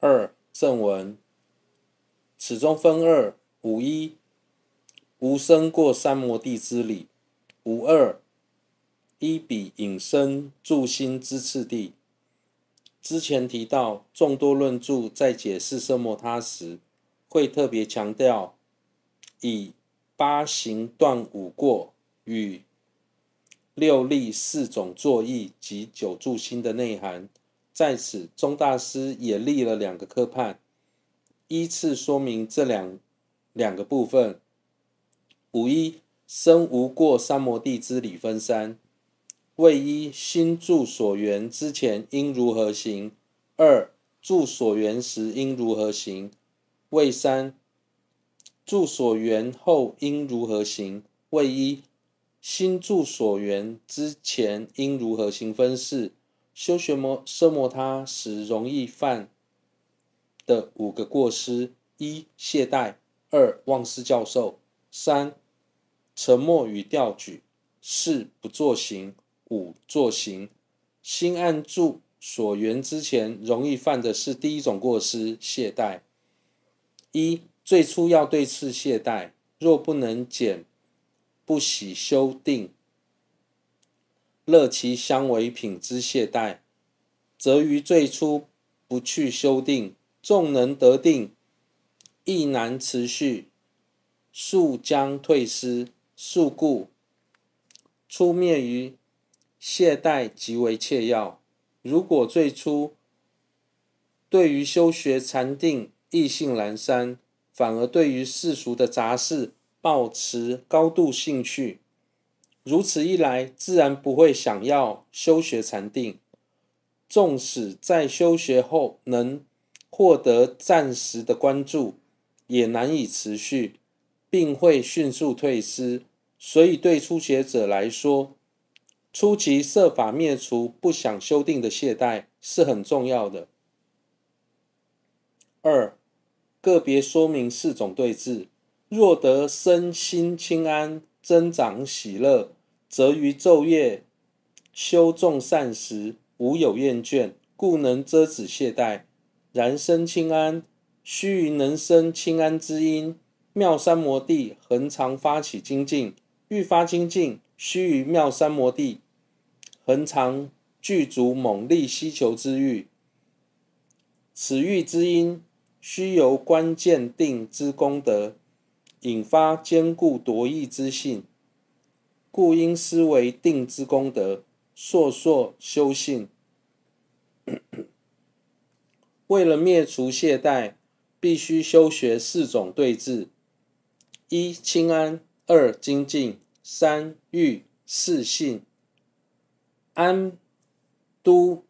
二正文，此中分二：五一無生過三摩地之理；五二依彼引生住心之次第。之前提到，眾多論著在解釋奢摩他時，會特別強調以八行斷五過與六力四種作意及九住心的內涵。在此，宗大師也立了兩個科判，依次說明這兩兩個部分：五一生無過三摩地之理分三；為一心住所緣之前應如何行；二住所緣時應如何行；為三住所緣後應如何行；為一心住所緣之前應如何行分四。修學摩奢摩他時容易犯的五個過失：一、懈怠；二、忘失教授；三、沉沒與掉舉；四、不作行；五、作行。心安住所緣之前容易犯的是第一種過失——懈怠。一、最初要對治懈怠，若不能減，不喜修定。樂其相違品之懈怠，則於最初不去修定，縱能得定亦難持續，速將退失，速故出滅於懈怠極為切要。如果最初對於修學禪定意興闌珊，反而對於世俗的雜事抱持高度興趣。如此一來，自然不會想要修學禪定。縱使在修學後能獲得暫時的關注，也難以持續，並會迅速退失。所以，對初學者來說，初期設法滅除不想修定的懈怠是很重要的。二、個別說明四種對治，若得身心輕安，增長喜樂。則於晝夜修眾善時，無有厭倦，故能遮止懈怠；然生輕安，須於能生輕安之因，妙三摩地恆常發起精進；欲發精進，須於妙三摩地恆常具足猛力希求之欲。此欲之因，須由觀見定之功德引發，堅固奪意之信。故應思維定之功德，數數修信咳咳。為了滅除懈怠，必須修學四種對治：一、清安；二、精進；三、欲；四、信。安都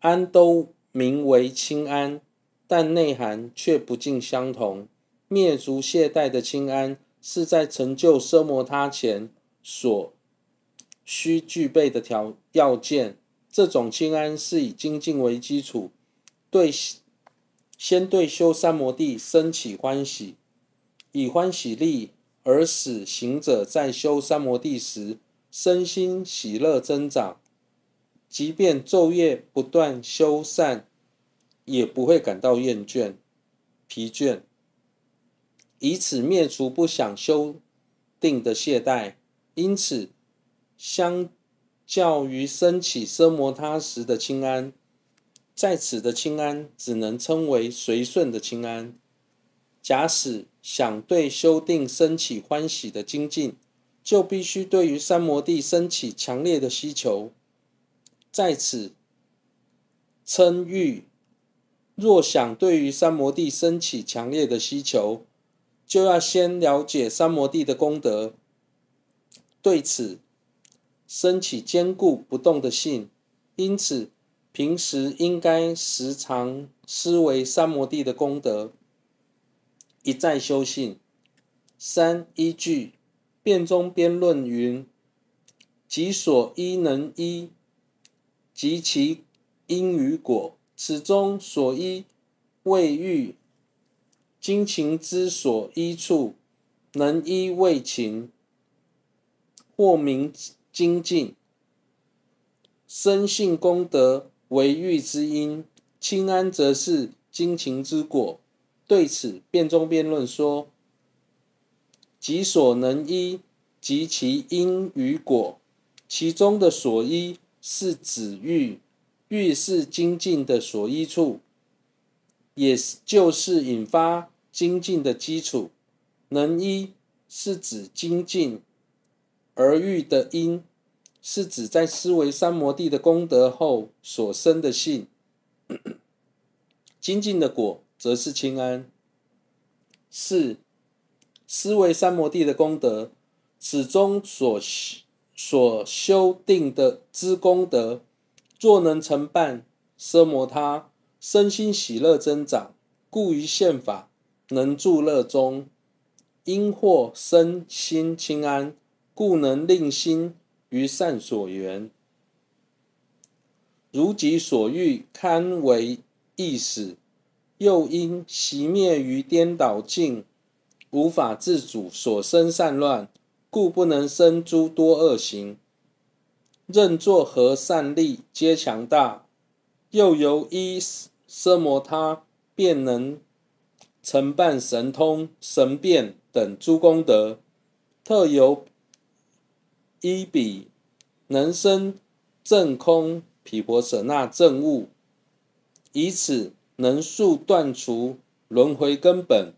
安都名為清安，但內涵卻不盡相同。滅除懈怠的清安。是在成就奢摩他前所需具備的條要件。這種輕安是以精進為基礎，對先對修三摩地生起歡喜，以歡喜力而使行者在修三摩地時身心喜樂增長，即便晝夜不斷修善，也不會感到厭倦、疲倦。以此滅除不想修定的懈怠，因此相較於升起奢摩他時的清安，在此的清安只能稱為隨順的清安。假使想對修定升起歡喜的精進，就必須對於三摩地升起強烈的需求。在此稱欲，若想對於三摩地升起強烈的需求，就要先了解三摩地的功德，對此生起堅固不動的信，因此平時應該時常思維三摩地的功德，一再修信。三依據《辯中邊論》雲：“即所依能依，及其因與果，此中所依為欲。”精勤之所依處，能依為勤，或名精進。深信功德為欲之因，輕安則是精勤之果。對此，辨中邊論說：即所能依及其因與果，其中的所依是指欲，欲是精進的所依處。也、yes, 就是引發精進的基礎，能依是指精進而欲的因，是指在思維三摩地的功德後所生的信。 精進的果則是輕安。四思維三摩地的功德，此中所修所修定的之功德，若能成辦奢摩他。身心喜樂增長，故於現法能助樂中，因獲身心輕安，故能令心於善所緣，如己所欲，堪為役使。又因息滅於顛倒境，無法自主所生散亂，故不能生諸多惡行。任作何善力，皆強大。又由依奢摩他，便能承辦神通、神變等諸功德，特由依彼能生正空毗婆舍那正悟，以此能速斷除輪回根本。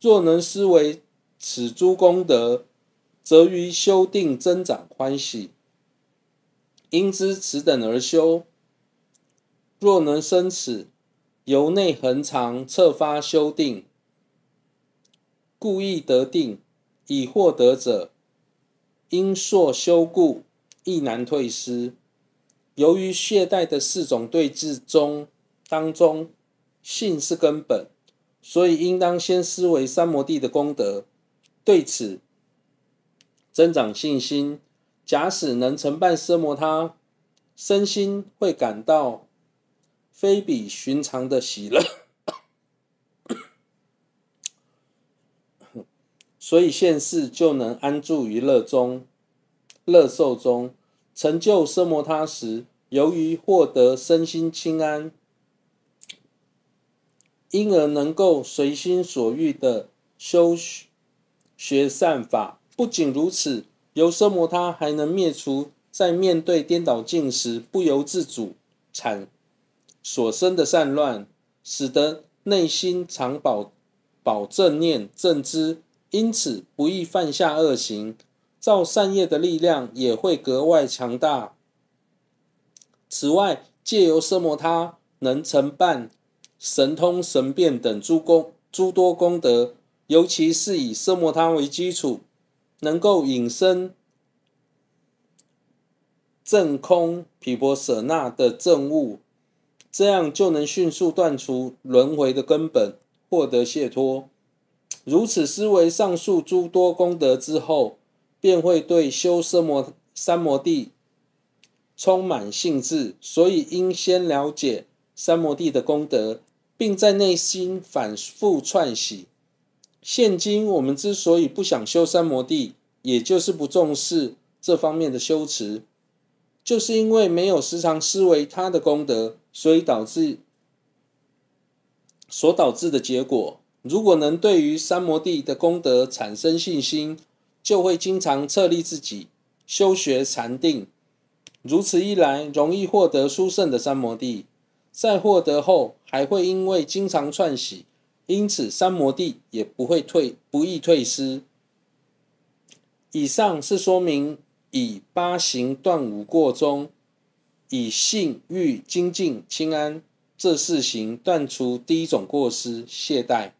若能思維此諸功德，則於修定增長歡喜。因知此等而修。若能生此，由內恆常策發修定，故易得定，以獲得者，因所修故，亦難退失。由於懈怠的四種對治中，當中性是根本，所以應當先思維三摩地的功德，對此增長信心。假使能承辦奢摩他，身心會感到。非比尋常的喜樂， 所以現世就能安住於樂中、樂受中，成就奢摩他時，由於獲得身心輕安，因而能夠隨心所欲的修學，學善法。不僅如此，由奢摩他還能滅除在面對顛倒境時不由自主產。所生的散亂，使得內心常保保正念正知，因此不易犯下惡行，造善業的力量也會格外強大。此外，借由奢摩他能成辦神通神變等諸功諸多功德，尤其是以奢摩他為基礎，能夠引生證空毗婆舍那的證悟。這樣就能迅速斷除輪回的根本，獲得解脫。如此思維上述諸多功德之後，便會對修奢摩他三摩地充滿興致。所以，應先了解三摩地的功德，並在內心反覆串習。現今我們之所以不想修三摩地，也就是不重視這方面的修持。就是因為沒有時常思維他的功德，所以導致所導致的結果。如果能對於三摩地的功德產生信心，就會經常策勵自己修學禪定。如此一來，容易獲得殊勝的三摩地。在獲得後，還會因為經常串習，因此三摩地也不會退，不易退失。以上是說明。以八行斷五過中，以信欲精進輕安，這四行斷除第一種過失懈怠。